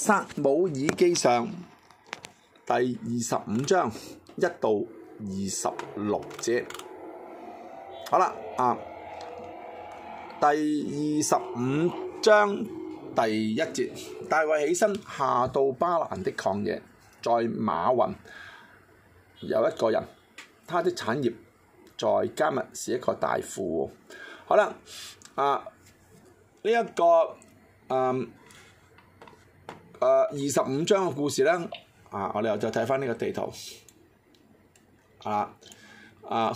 撒母耳記上第二十五章一到二十六節，好啦，啊，第二十五章第一節，大衛起身下到巴蘭的曠野，在馬雲有一個人，他的產業在加密，是一個大富戶，好啦，啊，呢、這、一個，嗯。誒二十五章嘅故事咧，啊，我哋又再睇返呢個地圖，啊，啊，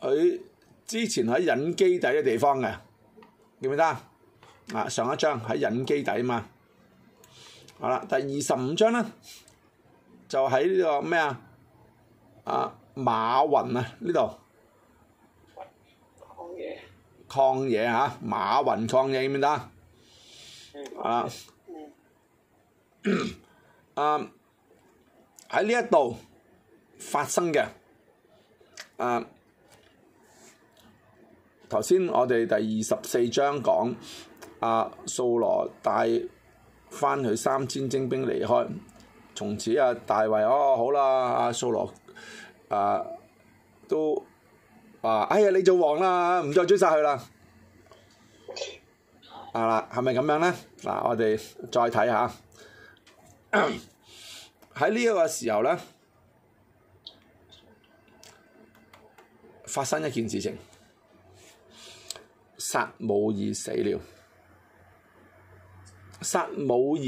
佢之前喺隱基底嘅地方嘅，記唔記得？啊，上一章喺隱基底啊嘛，好啦，第二十五章咧，就喺呢個咩啊？啊，瑪雲啊呢度，曠野，曠野嚇，瑪雲曠野記唔記得？啊。 啊！喺呢一度發生嘅啊，頭先我哋第二十四章講阿素羅帶翻佢三千精兵離開，從此啊，大衛哦，好啦，阿素羅啊都話、啊、哎呀，你做王啦，唔再追殺佢啦。啊啦，係咪咁樣咧？嗱、啊，我哋再睇下。喺呢個時候咧，發生一件事情，撒母耳死了。撒母耳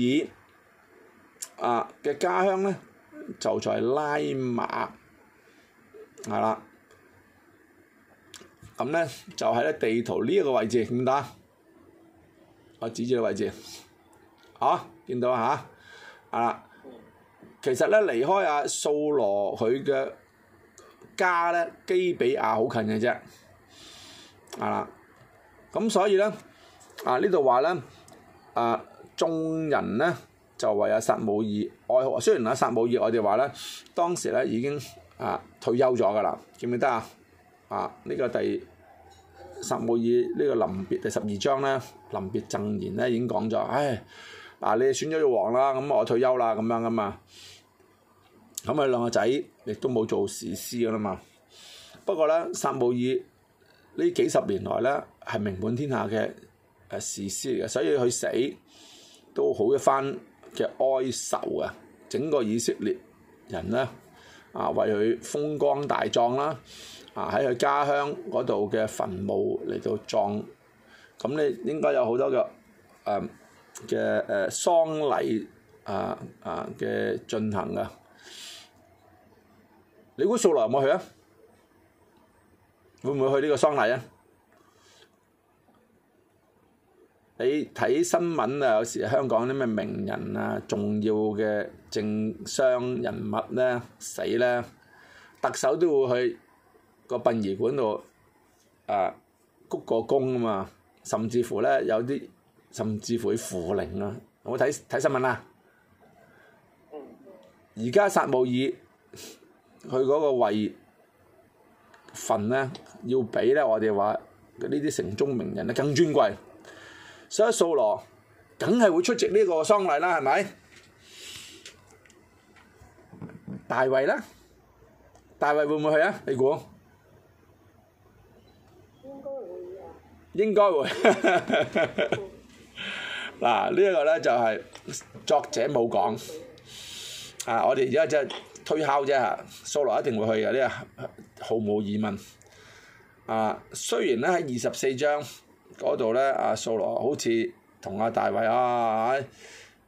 啊嘅家鄉咧就在拉馬，係啦。咁咧就喺咧地圖呢一個位置，點打？我指住個位置，嚇，見到啊嚇！啊，其實咧離開阿掃羅佢嘅家咧，基比亞好近嘅啫。啊，咁所以咧，啊呢度話咧，啊眾人咧就為阿撒母耳哀號。雖然阿撒母耳我哋話咧，當時咧已經啊退休咗噶啦，記唔記得啊？啊呢、這個第撒母耳呢個臨別第十二章咧，臨別贈言咧已經講咗，唉、哎。啊！你選咗做王啦，咁我退休啦，咁樣噶嘛。咁啊，佢兩個仔亦都冇做士師噶啦嘛。不過咧，撒母耳呢幾十年來咧，係名滿天下嘅誒士師嚟嘅，所以佢死都好一番嘅哀愁啊！整個以色列人咧，啊為佢風光大葬啦，啊喺佢家鄉嗰度嘅墳墓嚟到葬。咁你應該有好多嘅誒。嗯嘅誒喪禮啊啊嘅進行啊，你估掃羅有冇去啊？會唔會去呢個喪禮啊？你睇新聞啊，有時香港啲咩名人啊、重要嘅政商人物咧死咧，特首都會去個殯儀館度啊鞠個躬啊嘛，甚至乎咧有啲。甚至乎會負零啦，我睇睇新聞啦。而家撒母耳佢嗰個位份咧，要比咧我哋話呢啲城中名人咧更尊貴，所以掃羅梗係會出席呢個喪禮啦，係咪？大衛呢，大衛會唔會去啊？你估？應該會啊。應該會。嗱，呢一個咧就係作者冇講，啊，我哋而家即係推敲啫嚇，掃羅一定會去嘅，呢、這個毫無疑問。啊，雖然咧喺二十四章嗰度咧，啊掃羅好似同阿大衛啊，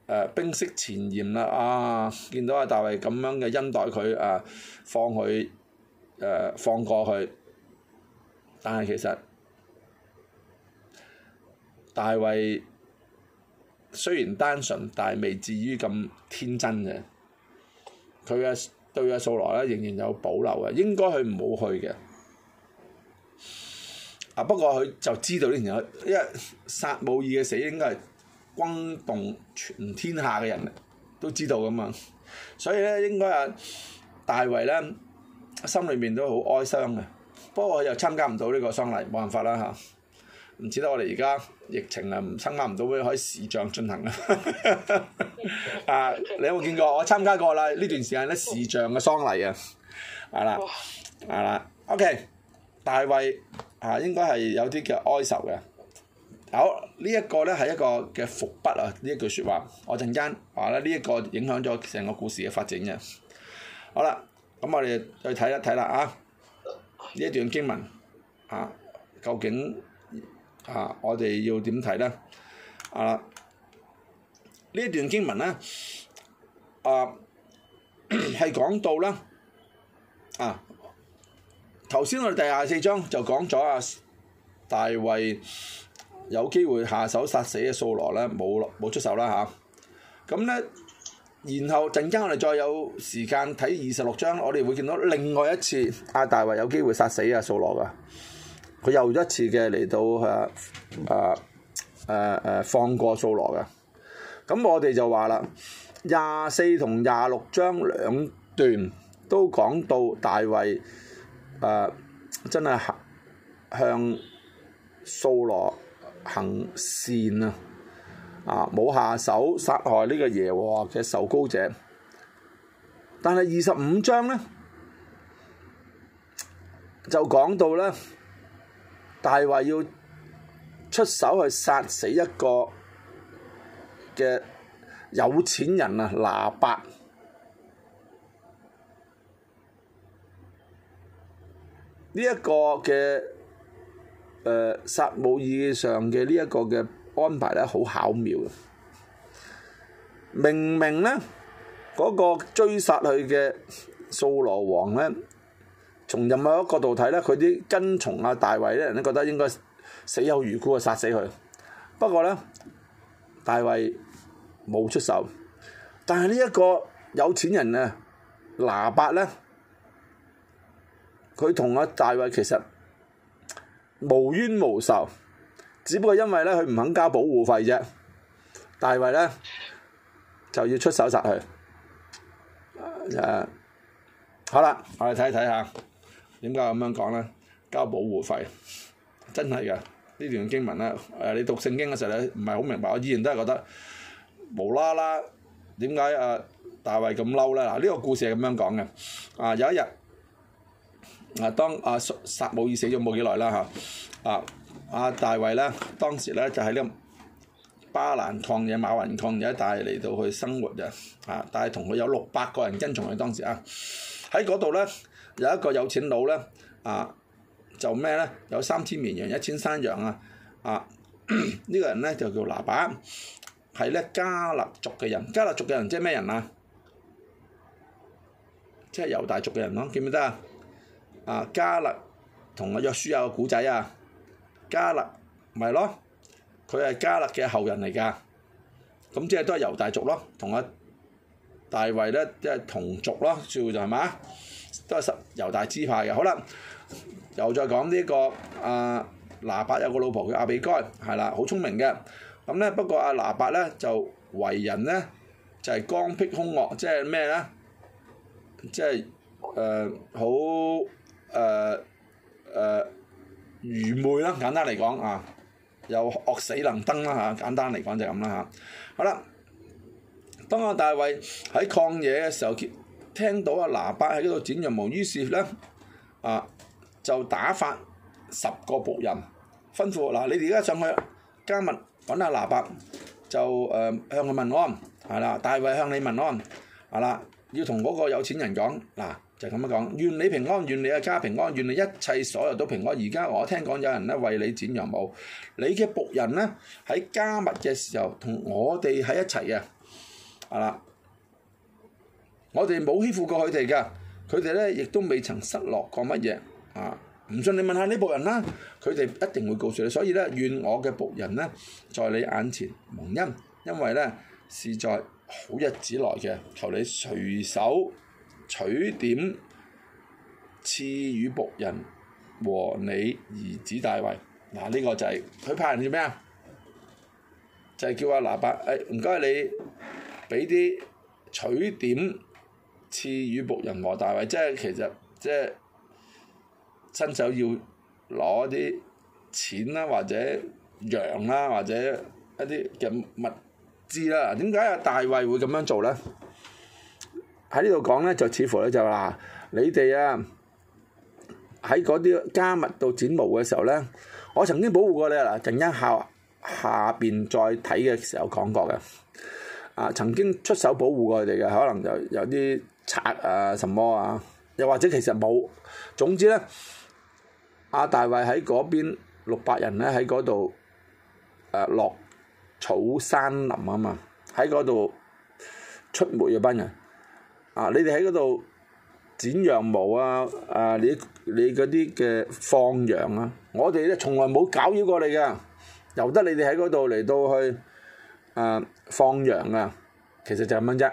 誒冰釋前嫌啦，啊見到阿大衛咁樣嘅恩待佢啊，放佢誒、啊、放過佢，但係其實大衛。雖然單純，但係未至於咁天真嘅。佢嘅對阿素羅咧，仍然有保留嘅。應該佢唔好去嘅。啊，不過佢就知道呢件事，因為撒母耳嘅死應該係轟動全天下嘅人，都知道噶嘛。所以咧，應該啊，大衛咧心裏面都好哀傷嘅。不過佢又參加唔到呢個喪禮，冇辦法啦嚇。唔似得我哋而家疫情啊，唔參加唔到可以視像進行啊！啊，你有冇見過？我參加過啦。呢段時間咧，視像嘅喪禮啊，係啦，係啦。O.K. 大衛啊，應該係有啲叫哀愁嘅。好，呢一個咧係一個嘅伏筆啊！呢一句説話，我陣間話咧，呢一個影響咗成個故事嘅發展嘅。好啦，咁我哋去睇一睇啦啊！呢一段經文啊，究竟？啊！我哋要點睇咧？啊！呢段經文咧，啊係講 到啦，啊頭先我哋第二十四章就講咗啊，大衛有機會下手殺死嘅掃羅咧，冇冇出手啦嚇。咁、啊、咧，然後陣間我哋再有時間睇二十六章，我哋會見到另外一次阿大衛有機會殺死啊掃羅噶。佢又一次嘅嚟到誒誒誒誒放過掃羅嘅，咁我哋就話啦，廿四同廿六章兩段都講到大衛誒、啊、真係向掃羅行善啊，啊冇下手殺害呢個耶和華嘅受膏者，但係二十五章咧就講到咧。大衛要出手去殺死一個嘅有錢人啊，拿八呢一個嘅誒、呃、殺無意義上嘅呢一個嘅安排咧，好巧妙，明明咧，嗰、那個追殺佢嘅掃羅王咧。從任何一個角度睇咧，佢啲跟從啊，大衛啲人都覺得應該死有餘辜啊，殺死佢。不過咧，大衛冇出手。但係呢一個有錢人啊，拿八咧，佢同啊大衛其實無冤無仇，只不過因為咧佢唔肯交保護費啫。大衛咧就要出手殺佢。誒，好啦，我哋睇睇下。點解咁樣講咧？交保護費，真係嘅呢段經文咧。誒，你讀聖經嘅時候咧，唔係好明白。我依然都係覺得無啦啦，點解阿大衛咁嬲咧？嗱，呢個故事係咁樣講嘅。啊，有一日啊，當阿撒撒母耳死咗冇幾耐啦嚇。啊，阿、啊、大衛咧，當時咧就喺呢巴蘭曠野、馬雲曠野，帶嚟到去生活嘅。啊，但係同佢有六百個人跟從佢當時啊，喺嗰度咧。有一個有錢佬咧，啊，就咩咧？有三千綿羊、一千山羊啊！啊，呢、這個人咧就叫拿八，係咧加勒族嘅人。加勒族嘅人即係咩人啊？即係猶大族嘅人咯，記唔記得啊？啊，加勒同阿約書亞嘅古仔啊，加勒咪係咯，佢係加勒嘅後人嚟㗎。咁即係都係猶大族咯，同阿大衛咧即係同族咯，所以就係、是、嘛。都係十猶大支派嘅，好啦，又再講呢、這個阿喇、啊、伯有個老婆叫阿比該，係啦，好聰明嘅。咁咧不過阿、啊、喇伯咧就為人咧就係、是、剛愎兇惡，即係咩咧？即係誒、呃、好誒誒、呃呃、愚昧啦，簡單嚟講啊，又惡死能登啦嚇，簡單嚟講就係咁啦嚇。好啦，當阿大衛喺曠野嘅時候聽到阿喇伯喺嗰度剪羊毛，於是咧啊就打發十個僕人吩咐：嗱，你哋而家上去迦密揾下喇伯，就誒向佢問安，係啦，大衛向你問安，係啦，要同嗰個有錢人講，嗱就咁樣講，願你平安，願你嘅家平安，願你一切所有都平安。而家我聽講有人咧為你剪羊毛，你嘅僕人咧喺迦密嘅時候同我哋喺一齊啊，係啦。我哋冇欺負過佢哋嘅，佢哋咧亦都未曾失落過乜嘢啊！唔信你問下呢僕人啦、啊，佢哋一定會告訴你。所以咧，願我嘅僕人咧，在你眼前蒙恩，因為咧是在好日子來嘅。求你隨手取點，賜予僕人和你兒子大衛。嗱、啊，呢、這個就係、是、佢派人做咩啊？就係、是、叫阿拿伯誒，唔、哎、該你俾啲取點。賜與僕人和大衛，即係其實即係親手要攞啲錢啦，或者羊啦，或者一啲嘅物資啦。點解啊，大衛會咁樣做咧？喺呢度講咧，就似乎咧就話、是，你哋啊喺嗰啲迦密度剪毛嘅時候咧，我曾經保護過你一下下過啊！陣間下下邊再睇嘅時候講過嘅，啊曾經出手保護過佢哋嘅，可能就有啲。有拆啊什麼啊？又或者其實冇。總之咧，阿、啊、大衞喺嗰邊六百人咧喺嗰度，誒、啊、落草山林啊嘛，喺嗰度出沒嘅班人。啊！你哋喺嗰度剪羊毛啊！啊！你你嗰啲嘅放羊啊！我哋咧從來冇搞擾過你嘅，由得你哋喺嗰度嚟到去誒、啊、放羊啊！其實就係咁樣啫。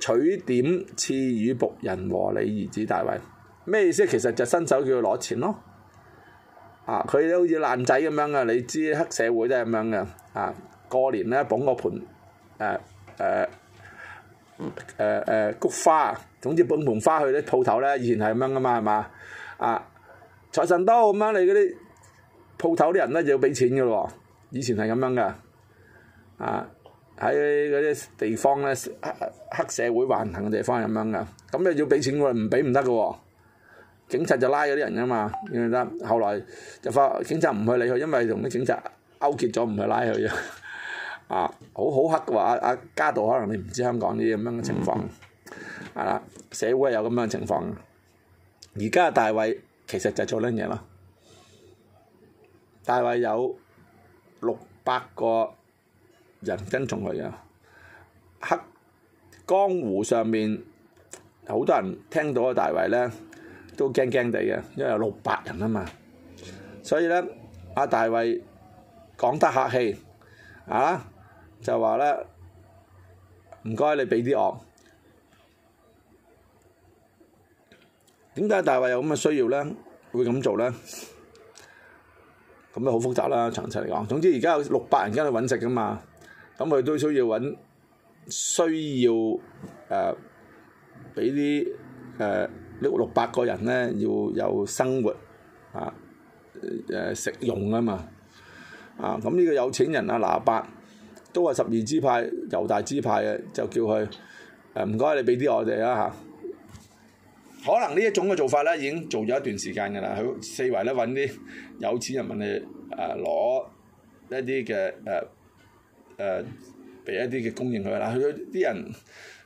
取點賜與僕人和你兒子大衛，咩意思？其實就伸手叫佢攞錢咯。啊，佢都好似爛仔咁樣嘅，你知黑社會都係咁樣嘅。啊，過年咧捧個盤，誒誒誒菊花，總之捧盤花去啲鋪頭咧，以前係咁樣噶嘛，係嘛？啊，財神到咁樣，你嗰啲鋪頭啲人咧就要俾錢噶喎，以前係咁樣噶。啊！喺嗰啲地方咧，黑黑社會橫行嘅地方咁樣噶，咁你要俾錢喎，唔畀唔得噶喎。警察就拉嗰啲人啊嘛，你明唔明？後來就發警察唔去理佢，因為同啲警察勾結咗，唔去拉佢啊，好好黑嘅喎，啊，阿、啊、家道可能你唔知香港啲咁樣嘅情況，係、啊、啦，社會有咁樣嘅情況。而家大衛其實就做呢樣嘢咯，大衛有六百個人跟從佢啊，黑江湖上面好多人聽到阿大衞咧都驚驚地嘅，因為有六百人啊嘛，所以咧阿大衞講得客氣啊，就話咧唔該你俾啲我，點解大衞有咁嘅需要咧？會咁做咧？咁啊好複雜啦，詳細嚟講。總之而家有六百人跟佢揾食噶嘛。咁佢都需要揾需要誒俾啲誒六六百個人咧，要有生活啊，誒、呃、食用嘛，啊嘛啊，咁呢個有錢人呀拿八都係十二支派猶大支派嘅，就叫佢誒唔該你俾啲我哋啊嚇，啊可能呢一種嘅做法咧已經做咗一段時間㗎啦，佢四圍咧揾啲有錢人問你誒攞一啲嘅誒。呃誒俾一啲嘅供應佢啦，佢啲人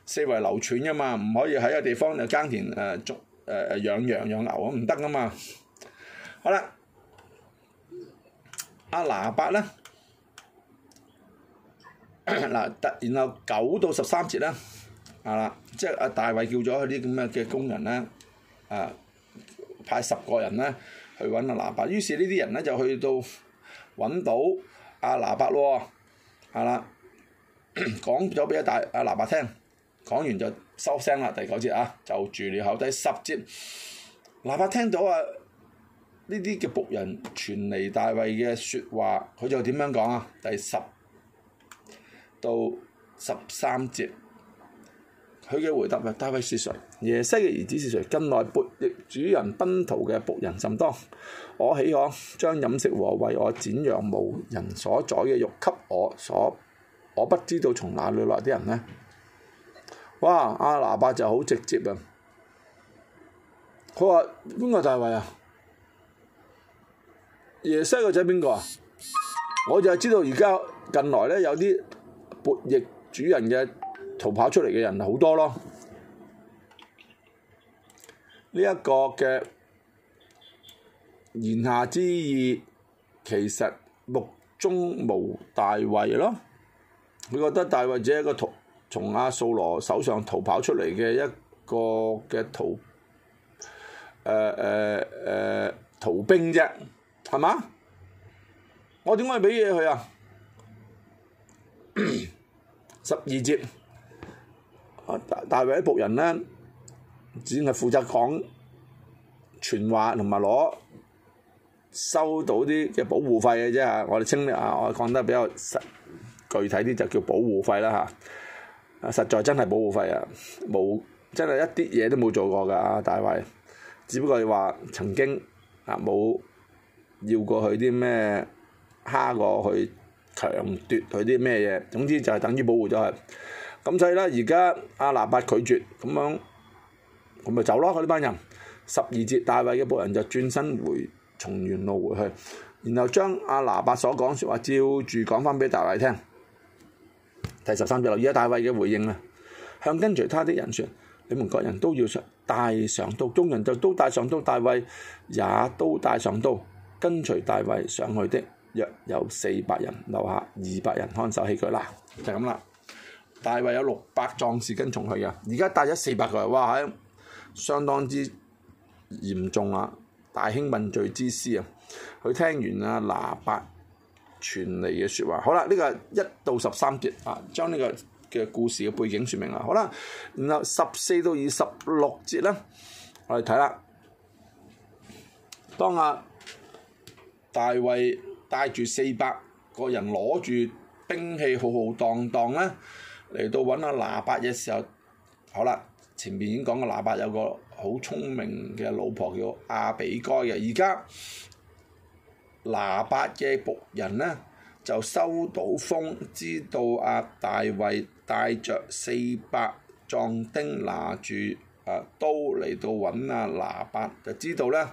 四圍流傳噶嘛，唔可以喺個地方嚟耕田誒，捉誒誒、呃、養羊養牛啊，唔得噶嘛。好啦，阿拿伯啦，嗱，然後九到十三節啦，啊，即係阿大衛叫咗佢啲咁嘅嘅工人咧，啊，派十個人咧去揾阿拿伯，於是呢啲人咧就去到揾到阿拿伯喎。係講咗俾阿大阿喇伯聽，講完就收聲啦。第九節啊，就住你口。第十節，喇伯聽到啊，呢啲叫僕人傳嚟大衛嘅説話，佢就點樣講啊？第十到十三節。佢嘅回答咪大衛是誰？耶西嘅兒子是誰？近來悖逆主人奔逃嘅僕人甚多，我豈可將飲食和為我剪羊毛人所宰嘅肉給我所，我不知道從哪裏來啲人呢？哇！阿喇伯就好直接啊。佢話邊個大衛啊？耶西個仔邊個啊？我就知道而家近來呢，有啲悖逆主人嘅，逃跑出嚟嘅人好多咯，呢一個嘅言下之意，其實目中無大衛咯。佢覺得大衛只係一個逃從阿、啊、掃羅手上逃跑出嚟嘅一個嘅逃，誒誒誒逃兵啫，係嘛？我點解要俾嘢佢啊？十二 節。大大衛啲僕人咧，只係負責講傳話同埋攞收到啲嘅保護費嘅啫啊！我哋稱啊，我講得比較實具體啲就叫保護費啦吓，啊，實在真係保護費啊，冇真係一啲嘢都冇做過㗎啊！大衛，只不過話曾經啊冇要過佢啲咩蝦過去強奪佢啲咩嘢，總之就係等於保護咗佢。咁所以咧，而家阿喇伯拒絕咁樣，佢咪走咯？佢呢班人。十二節，大衛嘅僕人就轉身回從原路回去，然後將阿喇伯所講説話照住講返畀大衛聽。第十三節，而家大衛嘅回應啦，向跟隨他的人説：你們各人都要上帶上刀，眾人就都帶上刀，大衛也都帶上刀，跟隨大衛上去的約有四百人，留下二百人看守器具啦。就咁啦。大衛有六百壯士跟從佢嘅，而家帶咗四百個人，哇！係相當之嚴重啊！大興問罪之師啊！佢聽完阿拿八傳嚟嘅説話，好啦，呢個一到十三節啊，將呢個嘅故事嘅背景説明啦。好啦，然後十四到二十六節咧，我哋睇啦。當阿、啊、大衛帶住四百個人攞住兵器，浩浩蕩蕩咧。嚟到揾阿、啊、喇伯嘅時候，好啦，前面已經講過喇伯有個好聰明嘅老婆叫阿比該嘅，而家喇伯嘅僕人呢就收到風，知道阿、啊、大衛帶着四百壯丁拿住啊刀嚟到揾阿、啊、喇伯，就知道呢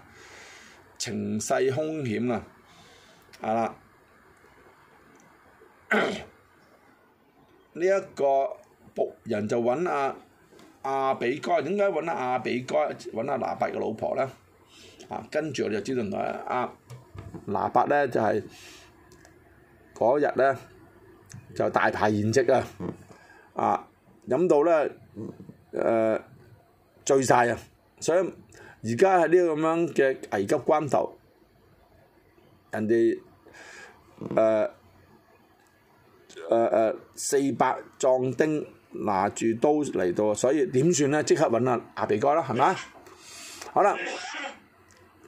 情勢凶險啊。係啦。 呢一個僕人就揾阿亞比該，點解揾阿亞比該？揾阿拿八嘅老婆咧，啊跟住我就知道原來阿拿八咧就係嗰日咧就大排筵席啊，啊飲到咧誒醉曬啊，所以而家喺呢個咁樣嘅危急關頭，人哋誒。誒誒、呃、四百壯丁拿住刀嚟到，所以點算咧？即刻揾阿、啊、阿比該啦，係咪？好啦，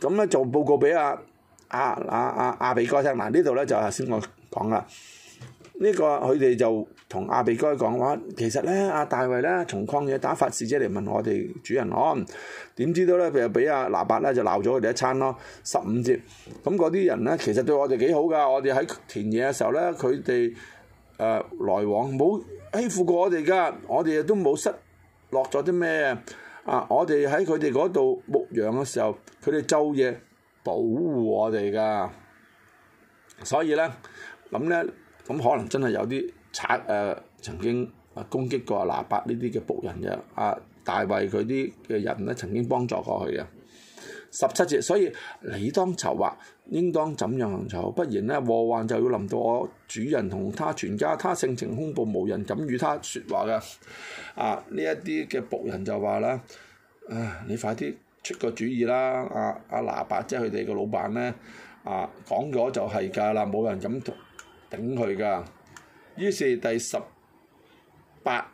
咁咧做報告俾阿阿阿阿阿比該聽。嗱、啊、呢度咧就，講、這個、就頭先我講啦，呢個佢哋就同阿比該講話，其實咧阿、啊、大衛咧從曠野打發使者嚟問我哋主人安，點、哦、知道咧佢又俾阿拿八咧就鬧咗佢哋一餐咯。十五節咁嗰啲人咧，其實對我哋幾好噶，我哋喺田野嘅時候咧，佢哋。誒、呃、來往冇欺負過我哋噶，我哋都冇失落咗啲咩啊！我哋喺佢哋嗰度牧羊嘅時候，佢哋晝夜保護我哋噶，所以咧，咁咧，咁可能真係有啲賊誒曾經攻擊過拿八呢啲嘅僕人嘅，啊，大衛佢啲嘅人咧曾經幫助過佢嘅。十七節，所以你當籌劃，應當怎樣籌，不然呢，禍患就要臨到我主人同他全家。他性情兇暴，冇人敢與他説話嘅。啊，呢一啲嘅僕人就話啦，唉，你快啲出個主意啦！阿、啊、阿、啊、喇伯即係佢哋個老闆呢，啊講咗就係㗎啦，冇人敢頂佢㗎。於是第十八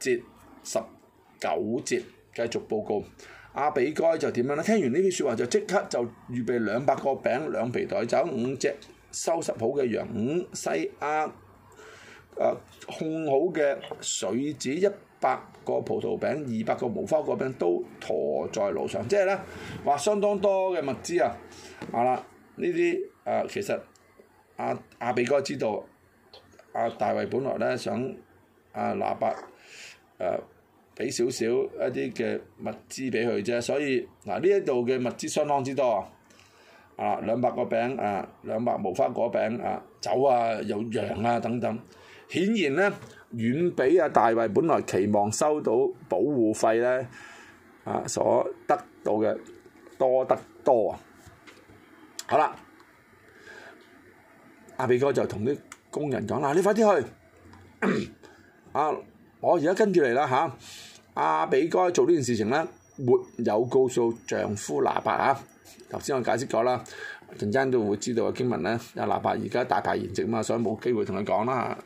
節、十九節繼續報告。亞比該就點樣咧？聽完呢篇説話就即刻就預備兩百個餅、兩皮袋，走五隻收拾好嘅羊五西亞，誒烘好嘅水子一百個，葡萄餅二百個，無花果餅都駝在路上，即係咧話相當多嘅物資啊！好、啊、啦，呢啲誒其實、啊、阿亞比該知道，阿、啊、大衛本來咧想阿、啊、拿八誒。啊俾少少一啲嘅物資俾佢啫，所以嗱呢一度嘅物資相當之多，啊，兩百個餅，啊兩百無花果餅，啊酒，啊有羊，啊等等，顯然咧遠比阿大衛本來期望收到保護費咧，啊所得到嘅多得多。好啦，阿比該就同啲工人講：嗱你快啲去，阿。我而家跟住嚟啦嚇，亞、啊、比該做呢件事情咧，沒有告訴丈夫拿八啊。頭先我解釋過啦，陣間都會知道嘅經文咧。阿、啊、拿八而家大排筵席嘛，所以冇機會同佢講啦。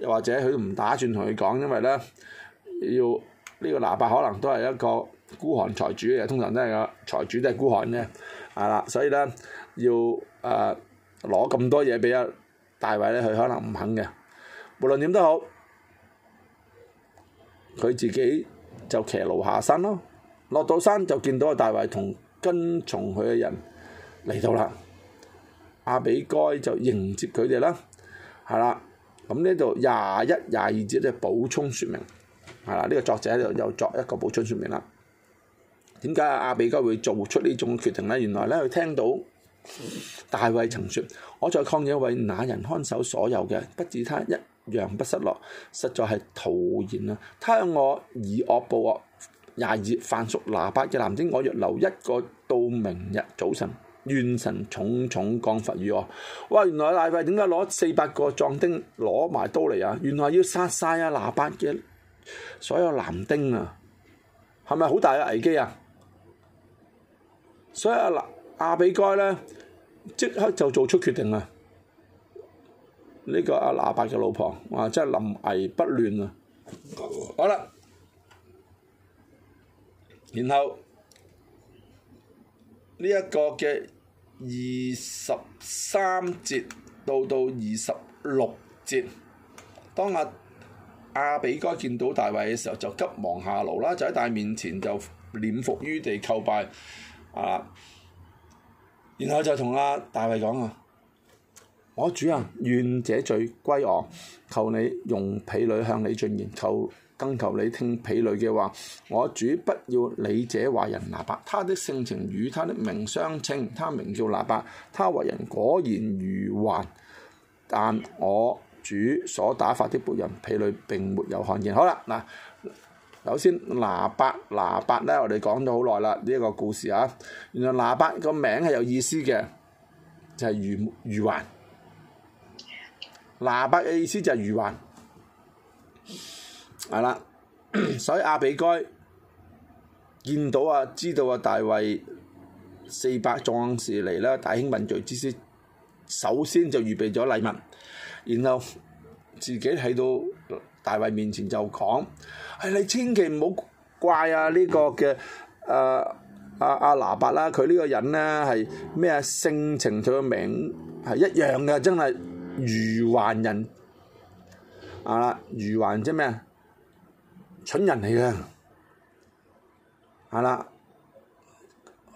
又、啊、或者佢唔打算同佢講，因為咧要呢、這個拿八可能都係一個孤寒財主嘅，通常都係個財主都係孤寒啫。係、啊、啦。所以咧要誒攞咁多嘢俾阿大衛咧，佢可能唔肯嘅。無論點都好。佢自己就騎驢下山咯，落到山就見到阿大衛同跟，跟從佢嘅人嚟到啦。阿比該就迎接佢哋啦，係啦。咁呢度廿一、廿二節咧，補充説明，係啦，呢個作者喺度又作一個補充説明啦。點解阿比該會做出呢種決定咧？原來咧，佢聽到。大衛曾說：我在曠野為那人看守所有嘅，不只他一樣不失落，實在係徒然啊！他向我以惡報惡。廿二凡屬拿八嘅男丁，我若留一個到明日早晨，願神重重,重降罰與我。哇！原來大衛點解攞四百個壯丁攞埋刀嚟啊？原來要殺晒啊拿八嘅所有男丁啊！係咪好大嘅危機啊？所以阿、啊亞比該咧，即刻就做出決定啦！呢、這個、啊、阿喇伯嘅老婆，哇、啊！真係臨危不亂啊！好啦，然後呢一、這個嘅二十三節到到二十六節，當亞亞比該見到大衛嘅時候，就急忙下樓啦，就喺大面前就臉伏於地叩拜啊！然後就同阿大衛講啊，我主啊，願這罪歸我，求你容婢女向你進言，求更求你聽婢女嘅話。我主不要理這壞人拿八，他的性情與他的名相稱，他名叫拿八，他為人果然愚頑。但我主所打發的僕人婢女並沒有看見。好啦，嗱。首先，拿伯拿伯咧，我哋講咗好耐啦，呢一個故事啊。原來拿伯個名係有意思嘅，就係愚愚頑。拿伯嘅意思就係愚頑，係啦。所以亞比該見到啊，知道啊，大衛四百壯士嚟啦，大興問罪之師，首先就預備咗禮物，然後自己喺度。大衞面前就講，係你千祈唔好怪啊！呢個嘅，誒，阿阿拿八啦，佢呢個人咧係咩啊？性情同個名係一樣嘅，真係愚頑人，啊，愚頑即咩啊？蠢人嚟嘅，係啦，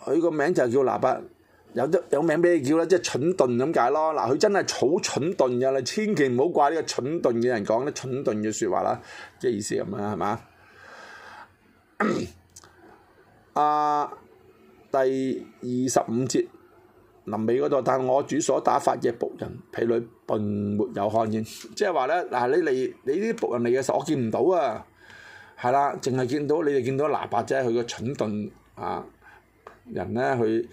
佢個名就叫拿八。有得有名咩叫咧？即係蠢鈍咁解咯。嗱，佢真係草蠢鈍噶啦，你千祈唔好怪呢個蠢鈍嘅人講啲蠢鈍嘅説話啦。即係意思咁啦，係嘛？ 啊，第二十五節，臨尾嗰度，但我主所打發嘅僕人，婢女並沒有看見。即係話咧，嗱、啊，你嚟你啲僕人嚟嘅時候，我見唔到啊。係啦，淨係見到你哋見到喇伯啫，佢個蠢鈍啊人咧，佢。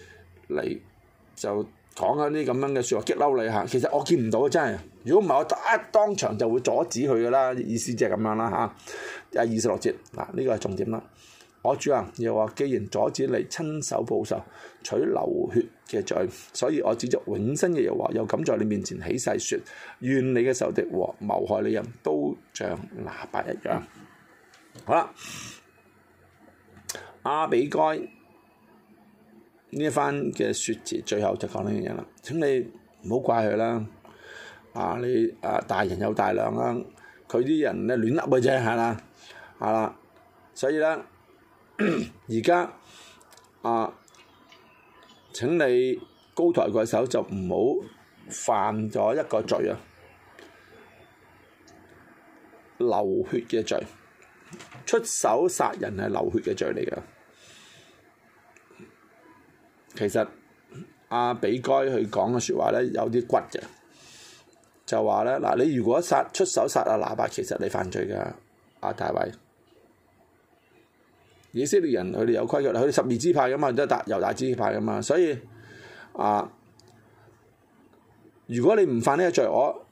就講這這你就講嗰啲咁樣嘅説話激嬲你嚇，其實我見唔到真啊真係，如果唔係我一當場就會阻止佢噶啦，意思即係咁樣啦嚇。第二十六節嗱，呢、啊這個係重點啦。我主啊，又話既然阻止你親手報仇取流血嘅罪，所以我指着永生嘅又話，又敢在你面前起誓説，願你嘅仇敵和謀害你人都像拿八一樣。好啦，阿、啊、比該。呢一番嘅説詞，最後就講呢樣嘢啦。請你唔好怪佢啦，啊你啊大人有大量啦，佢啲人咧亂噏嘅啫，係啦，係啦，所以咧而家啊請你高抬貴手，就唔好犯咗一個罪啊，流血嘅罪，出手殺人係流血嘅罪嚟㗎。其實阿、啊、比該佢講嘅説話咧有啲骨嘅，就話咧嗱，你如果殺出手殺阿、啊、拿八，其實你犯罪嘅，阿、啊、大衛。以色列人佢哋有規矩啦，佢哋十二支派嘅嘛，都係大猶大支派嘅嘛，所以啊，如果你唔犯呢個罪，我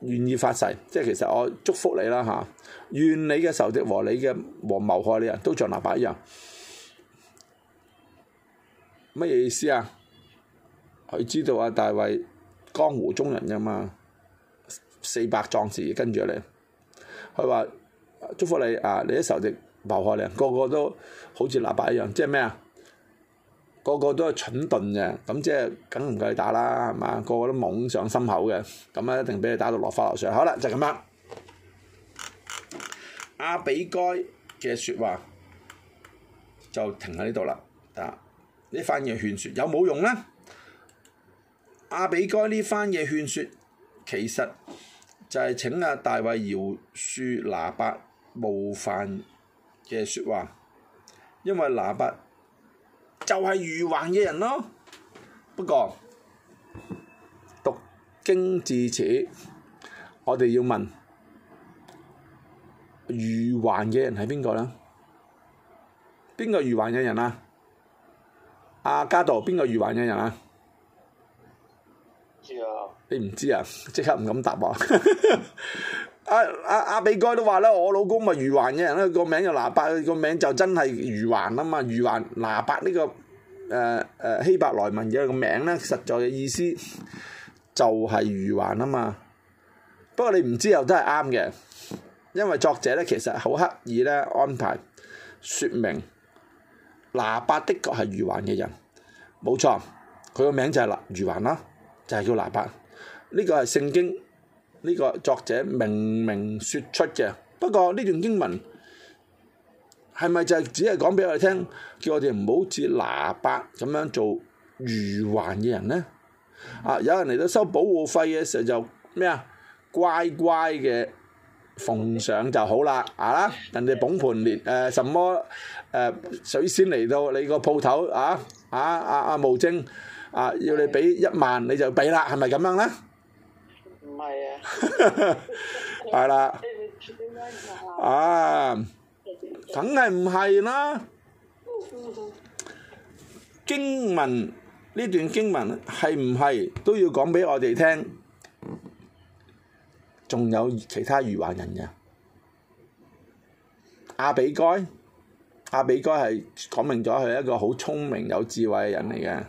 願意發誓，即係其實我祝福你啦嚇，願、啊、你嘅仇敵和你嘅和謀害你人都像拿八一樣。乜嘢意思啊？佢知道啊，大衞江湖中人嘅嘛，四百壯士跟住你。佢話祝福你啊！你啲仇敵謀害你，個個都好似喇叭一樣，即係咩啊？個個都係蠢鈍嘅，咁即係梗唔夠你打啦，係嘛？個個都懵上心口嘅，咁啊一定俾你打到落花流水。好啦，就係咁啦。阿比該嘅説話就停喺呢度啦，得。呢番嘢勸説有冇用呢？阿比該呢番嘢勸説，其實就係請阿大衛饒恕拿八冒犯嘅説話，因為拿八就係愚頑嘅人咯。不過讀經至此，我哋要問愚頑嘅人係邊個呢？邊個愚頑嘅人啊？阿、啊、加道邊個愚頑嘅人啊？你唔知啊？即刻唔敢答啊。阿阿阿比該都話咧，我老公咪愚頑嘅人咧，個名又拿伯，個名就真係愚頑啊嘛！愚頑拿伯呢個誒誒希伯來文嘅個名咧，實在嘅意思就係愚頑啊嘛！不過你唔知又真係啱嘅，因為作者咧其實好刻意咧安排説明。拿八的確係愚頑嘅人，冇錯，佢個名就係拿愚頑啦，就係、是、叫拿八。呢、這個係聖經呢、這個作者明明説出嘅。不過呢段經文係咪就係只係講俾我哋聽，叫我哋唔好似拿八咁樣做愚頑嘅人呢？啊，有人嚟到收保護費嘅時候就咩啊？乖乖嘅奉上就好啦，啊，人哋捧盤連誒什麼？誒水仙嚟到你個鋪頭啊啊啊啊！無證啊，要你俾一萬你就俾啦，係咪咁樣呢？唔係啊，係啦，啊，梗係唔係啦？經文，呢段經文係唔係都要講俾我哋聽？仲有其他如畫人嘅阿比該？阿比哥係講明咗，佢係一個好聰明有智慧嘅人嚟嘅。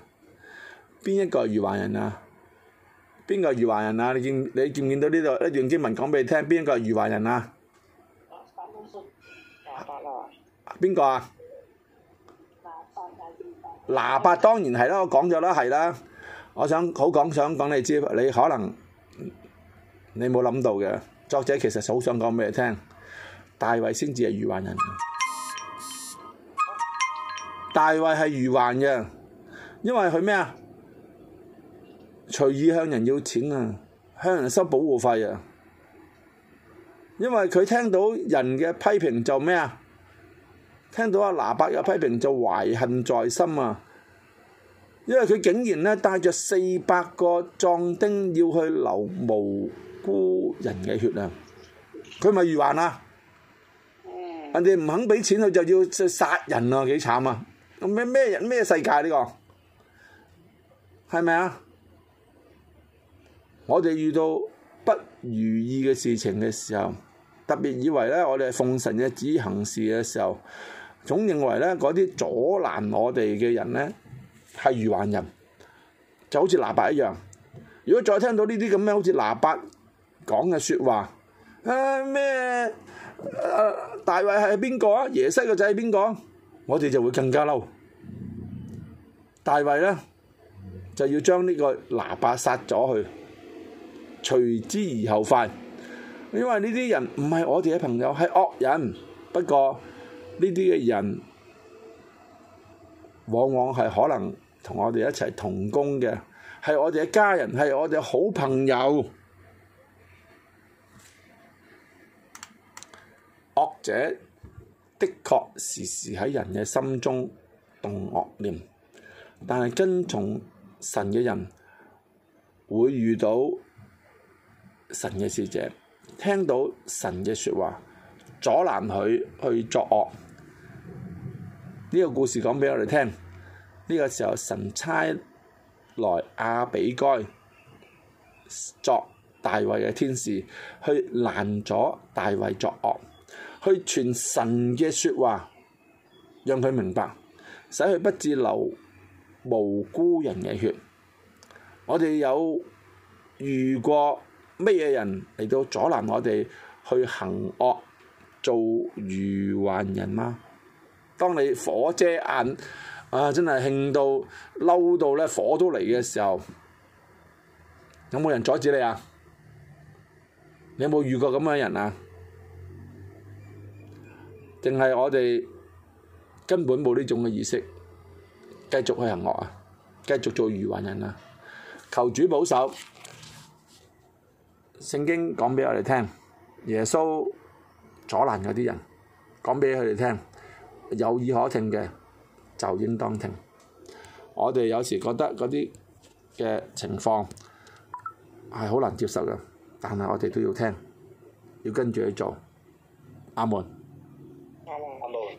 邊一個係愚頑人啊？邊個係愚頑人啊？你見你見唔見到呢度一段經文講俾你聽？邊一個係愚頑人啊？邊個啊？拿八當然係啦，我講咗啦，係啦。我想好講，想講你知，你可能你冇諗到嘅。作者其實好想講俾你聽，大衛先至係愚頑人。大衛係愚頑嘅，因為佢咩啊？隨意向人要錢啊，向人收保護費啊！因為佢聽到人嘅批評就咩啊？聽到阿拿伯嘅批評就懷恨在心啊！因為佢竟然咧帶著四百個壯丁要去流無辜人嘅血啊！佢咪愚頑啊？人哋唔肯俾錢佢就要殺人啊！幾慘啊！咁咩咩人咩世界呢個？係咪啊？我哋遇到不如意嘅事情嘅時候，特別以為咧，我哋係奉神嘅旨意行事嘅時候，總認為咧嗰啲阻攔我哋嘅人咧係愚頑人，就好似拿八一樣。如果再聽到呢啲咁樣好似拿八講嘅説話，啊咩啊大衛係邊個啊？耶西個仔係邊個？我哋就會更加嬲，大衞呢就要將呢個喇叭殺咗佢，隨之而後快。因為呢啲人唔係我哋嘅朋友，係惡人。不過呢啲嘅人往往係可能同我哋一齊同工嘅，係我哋嘅家人，係我哋嘅好朋友。惡者。的確時時喺人嘅心中動惡念，但係跟從神嘅人會遇到神嘅使者，聽到神嘅説話，阻攔佢去作惡。呢、這個故事講俾我哋聽，呢、這個時候神差來亞比該作大衛嘅天使，去攔咗大衛作惡。去傳神嘅説話，讓佢明白，使佢不致流無辜人嘅血。我哋有遇過乜嘢人嚟到阻攔我哋去行惡、做愚頑人嗎？當你火遮眼啊，真係興到嬲到咧，火都嚟嘅時候，有冇人阻止你啊？你有冇遇過咁嘅人啊？淨係我哋根本冇呢種嘅意識，繼續去行惡啊！繼續做愚頑人啊！求主保守，聖經講畀我哋聽，耶穌阻攔嗰啲人，講畀佢哋聽，有意可聽嘅就應當聽。我哋有時覺得嗰啲嘅情況係好難接受嘅，但係我哋都要聽，要跟住去做。阿門。